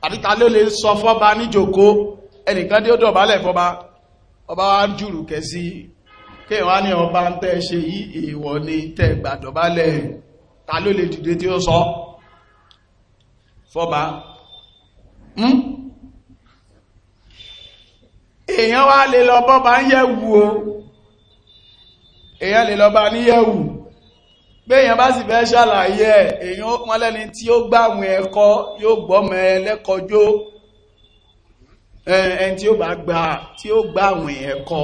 àdíta ló lè sọ fọ́ba níjókòó ẹnìkan dé ó dọ̀bálẹ̀ fọ́ba ọba wa ń jùrù kẹ́ sí kéèwá ní ọba ń tẹ́ ṣe yí èèwọ̀ ní tẹ́ gbàdọ̀bálẹ̀ ta ló lè dìde tí ó sọ fọ́ba hm? èèyàn wá lè lọ bọ́ba ń yẹ̀wù o èèyàn lè lọ bá ní yẹ̀wù béèyàn bá sì fẹ́ ṣàlàyé èèyàn ó tí ó gbàwọn ẹ̀kọ́ yóò gbọ́mọ ẹlẹ́kọjó ẹn tí ó bá gba tí ó gba àwìn ẹ̀kọ́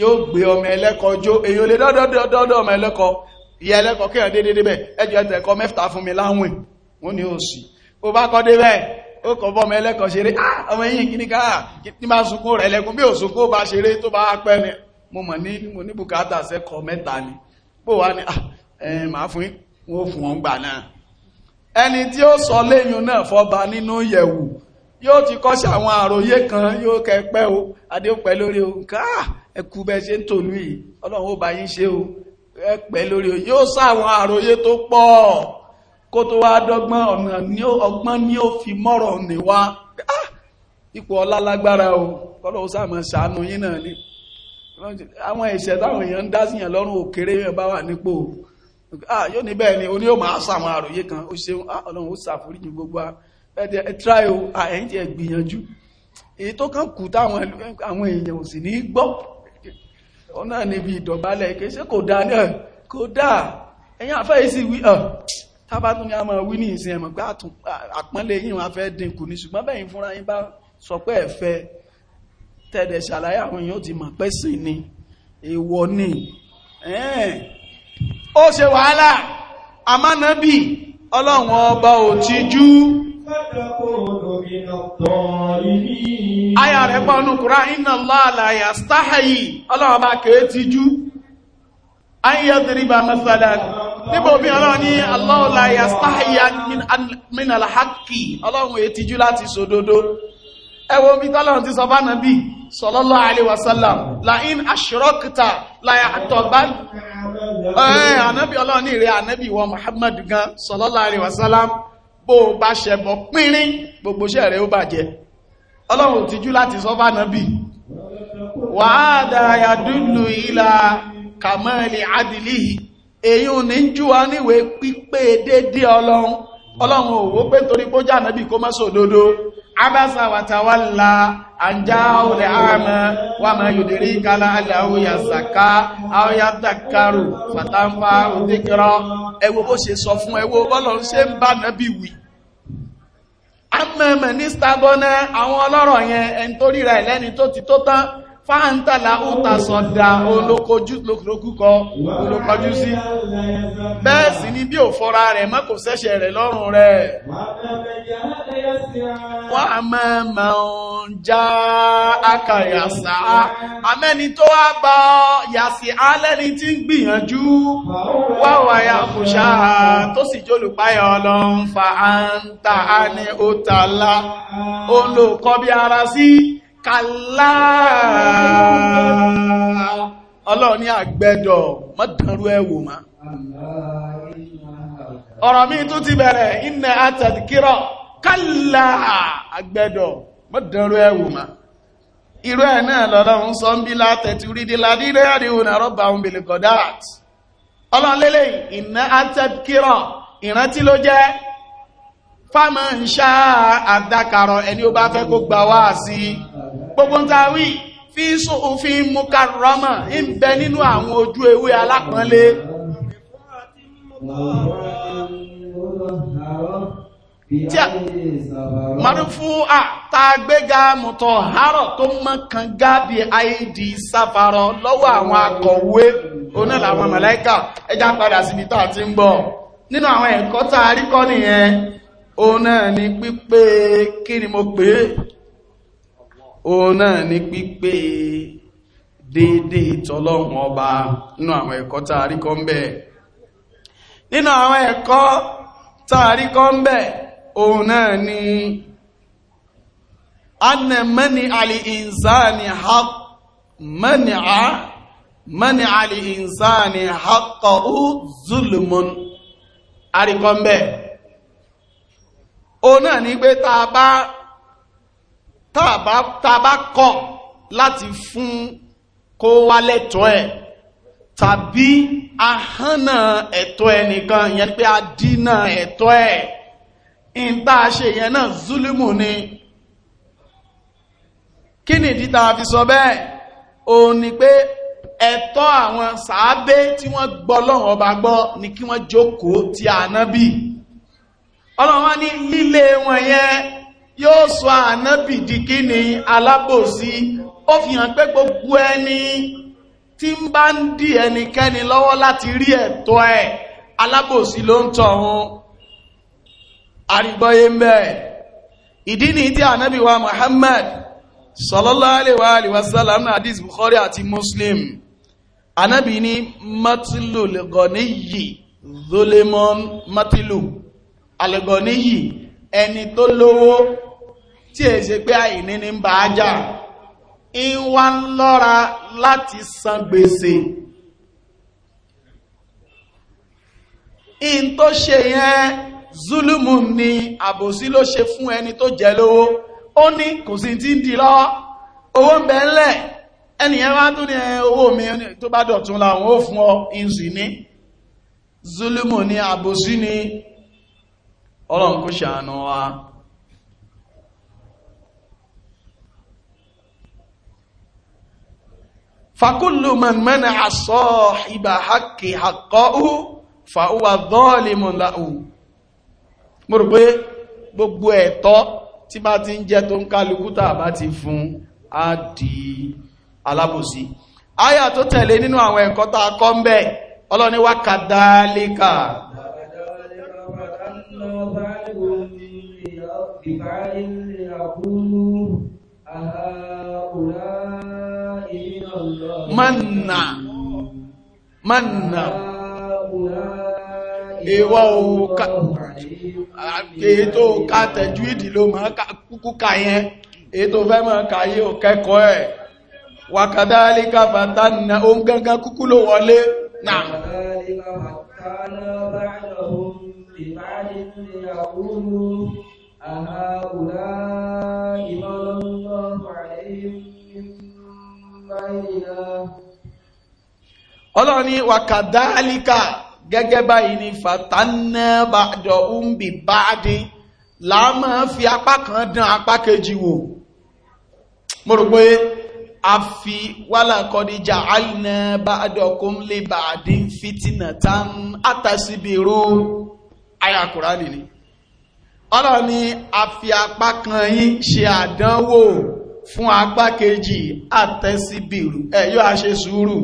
yóò gbé ọmọ ẹlẹ́kọ̀ọ́ jó èyí ò lè dọ́dọ́dọ́dọ́ ọmọ ẹlẹ́kọ̀ọ́ ìyá ẹlẹ́kọ̀ọ́ kí ọdé dédé bẹ̀ ẹjọ́ ẹ̀tẹ̀ẹ̀kọ́ mẹ́fà fún mi láwìn wọ́n ni ó sì ó bá kọ́ dé bẹ́ẹ̀ ó kọ̀ bọ́ ọmọ ẹlẹ́kọ̀ọ́ ṣeré ah, ọmọ yìí kí ní ká ni mo ni bó wá ní ah, màá fún wọn fún wọn gbà náà ẹni tí ó sọ léyìn náà yóò ti kọ́ sí àwọn àròyé kan yóò kẹpẹ́ o adéòpẹ́ lórí o káà ah, ẹkù bẹ́ ṣe ń tòlú yìí ọlọ́run ó bá yín ṣe o ẹpẹ́ lórí o yóò sáwọn àròyé tó pọ̀ kó tó wá dọ́gbọ́n ọ̀nà ní ọgbọ́n ní ó fi mọ́rọ̀ ní wá ah, ipò ọlá lágbára o kọ́lọ́ ó sàmọ̀ ṣàánú yín náà ni àwọn ìṣẹ́ táwọn èèyàn ń dá sí yàn lọ́rùn òkèrè yẹn bá wà nípò ah, yóò ní bẹ́ẹ̀ ni oní yóò máa sàwọn àròyé kan ó ṣeun ọlọ́run ó ṣàforíjì gbogbo ẹ try o àyẹ̀yìn tí ẹ gbìyànjú èyí tó kàn kù táwọn èèyàn ò sì ní gbọ́ ọ̀nà níbi ìdọ̀bálẹ̀ kìí ṣe kò dáa náà kò dáa ẹ̀yìn afẹ́ ìsì wí ọ̀ tábà tún ní a máa wí ní ìsìn ẹ̀mọ̀ pé àpọ́nlé yìí wọn afẹ́ dínkù ní ṣùgbọ́n bẹ́yìn fúnra yín bá sọ pé ẹ̀fẹ́ tẹ́ẹ̀dẹ̀ ṣàlàyé àwọn èèyàn ti mọ̀ pé sì ni èèwọ̀ ni ó ṣe wàhálà àmánábì ọlọ́run ọba òtijú Aya rẹ̀ pọ̀ ní Kùrá, iná láàláyà, stáhàyì, ọlọ́run bá kèé ti jú, ayé dìríbà mẹ́sàdá. Níbo bí ọlọ́run ní aláàláyà, stáhàyà min alhaki, ọlọ́run èé ti jú láti sòdodo. Ẹwọ bí tọ́lọ́run ti sọ bá nà bí, sọlọ́lọ́ àlewàsálàm, láìn aṣírọ́kìta, láyà àtọ̀bá. Ẹ bó o bá ṣẹbọ pínrín gbogbo iṣẹ́ rẹ̀ ó bàjẹ́ ọlọ́run tijú láti sọ fánàbì wàádà yàdúlù ìlà kàmọ́ẹ̀lì adìlìhì èyí ò ní jú wa níwèé pípé dédé ọlọ́run ọlọ́run òwò pé torí pójá nàbì kó mọ́sọ̀ abasa watawalla anjao le ama wa ma yudirika la alahu ya zaka aw ya dakaru fatanfa udikra ewo bó ṣe sọ fún ewo bọ́lọ̀ ṣe ń bá nabi wí amẹ́mẹ́ ní stagọ́nẹ́ àwọn ọlọ́rọ̀ yẹn ẹni tó ríra ẹ̀lẹ́ni tó ti tó tán fáńtàlá ó tàṣọ̀dá olókojúkọ olókọjú sí bẹ́ẹ̀ sì ni bí ò fọ́ra rẹ̀ mọ́ kò sẹ́ṣẹ̀ rẹ̀ lọ́rùn rẹ̀ wọ́n a máa máa ń já akàyàsá amẹ́ni tó wá bá yàsí alẹ́ni tí ń gbìyànjú wáwàyà kò ṣáà tó sì jólùpáyà ọlọ́run fa àǹtà á ní ó tàlá bí ara sí kàlá ọlọ́run ní àgbẹ̀dọ̀ mọ́dànrú ẹ̀wò má ọ̀rọ̀ mi tún ti bẹ̀rẹ̀ iná àtàdìkírọ̀ kàlá àgbẹ̀dọ̀ mọ́dànrú ẹ̀wò má irú ẹ̀ náà lọ́lọ́run sọ ń bí látẹ̀tì rídí ládílé àríwọ̀n àrọ́bà òun bèlè kọ̀dáàt ọlọ́lẹ́lẹ́ iná àtàdìkírọ̀ ìrántí ló jẹ́ fámọ́ ń gbogbo ń ta wí fi sófin muka ń bẹ nínú àwọn ojú ewé alápọ̀nlé tí a marufu a ta gbéga mọ̀tọ̀ harọ̀ tó mọ́ kan gábi àìdí sáfarọ̀ lọ́wọ́ àwọn akọ̀wé onílàwọn màláíkà ẹjá padà síbi tá ti ń bọ̀ nínú àwọn ẹ̀kọ́ tá a rí kọ́ nìyẹn òun náà ni pípé kí ni mo pè é náà ni pípé déédé ọba nínú àwọn ẹ̀kọ́ tààrí ń bẹ̀ nínú àwọn ẹ̀kọ́ tààrí ń bẹ̀ òun náà ni anẹ̀mẹ́ni alìhìnsáni mẹ́ni'a mẹ́ni alìhìnsáni haqqo zulmun àríkọ́ ń ni pé a tá bá kọ̀ láti fún kó wá lẹ́tọ́ ẹ̀ tàbí ahánà ẹ̀tọ́ ẹnìkan yẹn pé a dínà ẹ̀tọ́ ẹ̀ in tá a ṣe yẹn náà zulimu ni kí ni ìdí tá a fi sọ bẹ́ẹ̀ òun ni pé ẹ̀tọ́ àwọn sàábé tí wọ́n gbọ́ lọ́wọ́ ọba gbọ́ ni kí wọ́n jókòó ti ànábì ọlọ́wọ́n ní líle wọn yẹn yóò sọ ànábì di kí ni alábòsí ó fi hàn pé gbogbo ẹni tí ń bá ń dí ẹnikẹ́ni lọ́wọ́ láti rí ẹ̀tọ́ ẹ̀ alábòsí ló ń tọ̀hún àrígbọ́yé mẹ́ ìdí ni tí ànábì wa Muhammad sallallahu alaihi wa sallam náà Bukhari àti Muslim ànábì ní matilu lẹ́gọ̀níyì zolemon matilu alẹ́gọ̀níyì ẹni tó lówó tí è ṣe pé àìní ní ń bá a jà ń wá ń lọ́ra láti san gbèsè in tó ṣe yẹn zulumu ni àbòsí ló ṣe fún ẹni tó jẹ lówó ó ní kò sí tí ń di lọ́wọ́ owó ń bẹ ńlẹ̀ ẹnìyẹn wá tún ní owó mi tó bá dọ̀tún làwọn ó fún ọ ìsì ní zulumu ni àbòsí ni ọlọ́run kò ṣàánú wa fakullu man mana asọ́ọ̀hìbà haqqi haqqahu fa'uwa zalimun lahu mo rò pé gbogbo ẹ̀tọ́ tí bá ti ń jẹ́ tó ń kálukútà bá ti fún á di alábòsí àyà tó tẹ̀lé nínú àwọn ẹ̀kọ́ tá a kọ́ ń bẹ̀ ọlọ́ni wá kàdálíkà Ìbáyé ni àkúrú manna manna ìwọ òka èyí tó ká tẹ̀jú ìdí ló máa kúkú ká yẹn èyí tó fẹ́ máa ká yí ò kẹ́kọ̀ọ́ ẹ̀ wàkàdálíkà fàtà nà ó ń gangan kúkú ló wọlé náà àhàbùlá ìmọ̀lọ́lọ́wọ̀ ọlọ́run ní wàkàdálíkà gẹ́gẹ́ báyìí ní fatanẹ́bàjọ́ umbi báadé láàmà fi apá kan dán apá kejì wò mo rò pé a fi wàlàkọ́díjà àìnẹ́bàjọ́ kúnlé báadé fitinà tán àtàsíbìrú ayakurani ni ọlọ́run a fi apá kan yín ṣe àdánwò fún agbákejì àtẹ́síbìrù ẹ̀yọ́ àṣẹ sùúrù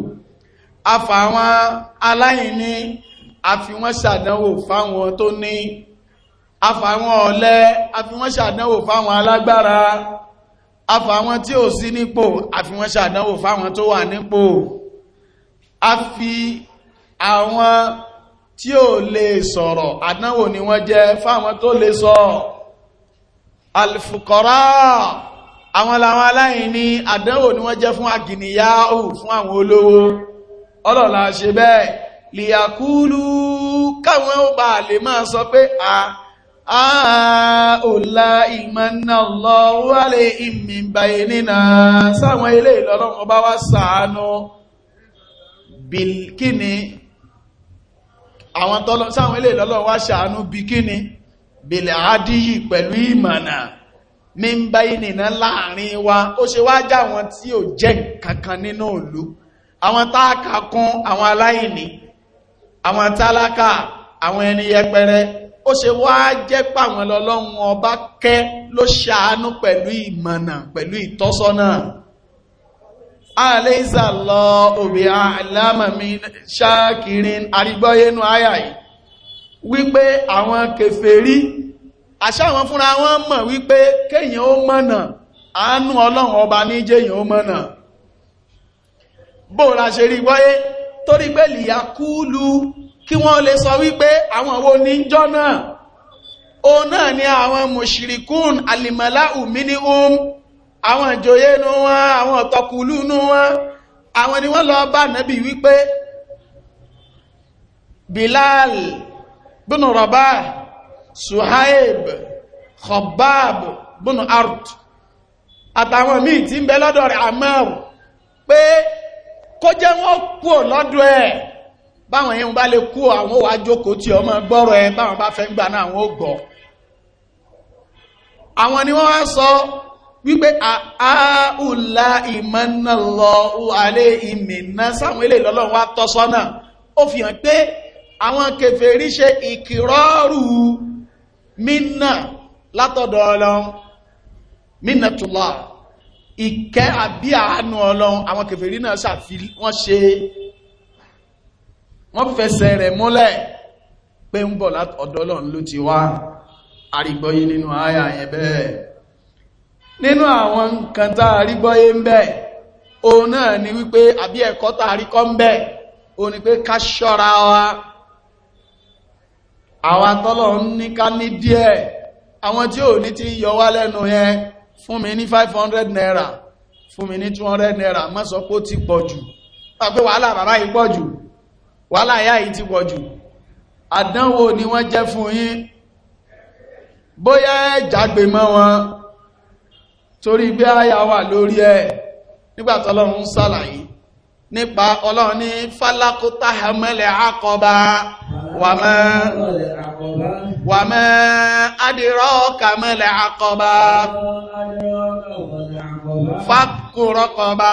afàwọn aláìní àfiwọ́n ṣàdánwò fáwọn tó ní afàwọn ọ̀lẹ àfiwọ́n ṣàdánwò fáwọn alágbára afàwọn tí ò sí nípò àfiwọ́n ṣàdánwò fáwọn tó wà nípò a fi àwọn tí ò lè sọ̀rọ̀ àdánwò ni wọ́n jẹ́ fáwọn tó lè sọ alfukọ́rá àwọn làwọn aláìní àdánwò ni wọ́n jẹ́ fún agìnìyàwó fún àwọn olówó ọlọ́lá ṣe bẹ́ẹ̀ lìyàkúlù káwọn ó bá lè máa sọ pé a ààlà ìmọ̀nà lọ́wọ́ lè ìmìnbà ìnìnà sáwọn ilé ìlọ́lọ́wọ́ bá wá sàánú bìkíni àwọn tọ́lọ́ sáwọn ilé ìlọ́lọ́wọ́ wá sàánú bìkíni bìlẹ̀ àdíyì pẹ̀lú ìmọ̀nà min bainina láàrin wa ó ṣe wá já àwọn tí ò jẹ́ kankan nínú ìlú àwọn táàkà kún àwọn aláìní àwọn tálákà àwọn ẹni yẹpẹrẹ ó ṣe wá jẹ́ pàwọn lọ́lọ́run ọba kẹ́ ló ṣàánú pẹ̀lú ìmọ̀nà pẹ̀lú ìtọ́sọ́nà alaysa Allahu bi a'lama min shakirin àrígbọ́yénú àyà yìí wípé àwọn kèfèrí àṣà wọn fúnra wọn mọ̀ wípé kéèyàn ó mọ̀nà àánú ọlọ́run ọba ní jẹ́yàn ó mọ̀nà bóòrà ṣe rí wáyé torí pé lìyà kúlù kí wọ́n lè sọ wípé àwọn wo ní jọ́ náà òun náà ni àwọn mùṣìrìkún alìmọ̀lá ùmínihùn àwọn ìjòyè inú wọn àwọn ọ̀tọ̀kùlù inú wọn àwọn ni wọ́n lọ bá nẹ́bì wípé Bilal bin Rabah suhaib khobab bunu art àtàwọn míì tí ń bẹ lọ́dọ̀ rẹ̀ amar pé kó jẹ́ wọ́n kú lọ́dọ̀ ẹ̀ báwọn yẹn bá lè kú àwọn wàá jókòó tí ọmọ gbọ́rọ̀ ẹ báwọn bá fẹ́ gbà náà àwọn ò gbọ́ àwọn ni wọ́n wá sọ wípé àáùlà ìmọ̀nàlọ́wọ́ alẹ́ ìmìnà sáwọn ilé ìlọ́lọ́run wá tọ́ ó fi hàn pé àwọn kèfèrí ṣe ìkìrọ́rù mínà látọ̀dọ̀ ọlọ́run mínà tùlọ̀ ìkẹ́ àbí àánú ọlọ́run àwọn kèfèrí náà ṣàfi wọ́n ṣe wọ́n fẹsẹ̀ rẹ̀ múlẹ̀ pé ń bọ̀ látọ̀dọ̀ ọlọ́run ló ti wá àrígbọ́yé nínú àyà yẹn bẹ́ẹ̀ nínú àwọn nǹkan tá àrígbọ́yé ń bẹ òun náà ni wípé àbí ẹ̀kọ́ tá àríkọ́ ń bẹ òun ni pé ká ṣọ́ra wa àwọn atọ́lọ̀ ń ní ká ní díẹ̀ àwọn tí ò ní ti ń yọ wá lẹ́nu yẹn fún mi ní 500 naira fún mi ní 200 naira má sọ pé ó ti pọ̀ jù pàpẹ́ wàhálà bàbá yìí pọ̀ jù wàhálà ìyá yìí ti pọ̀ jù àdánwò ni wọ́n jẹ́ fún yín bóyá ẹ jágbe mọ́ wọn torí pé àyà wà lórí ẹ̀ nígbà tọ́lọ́run ń nípa ọlọ́run ní fálákótá hamẹ́lẹ̀ àkọ́bá wàmẹ́ wàmẹ́ adìrọ́ kàmẹ́lẹ̀ àkọ́bá fàkùrọ́kọ́bá.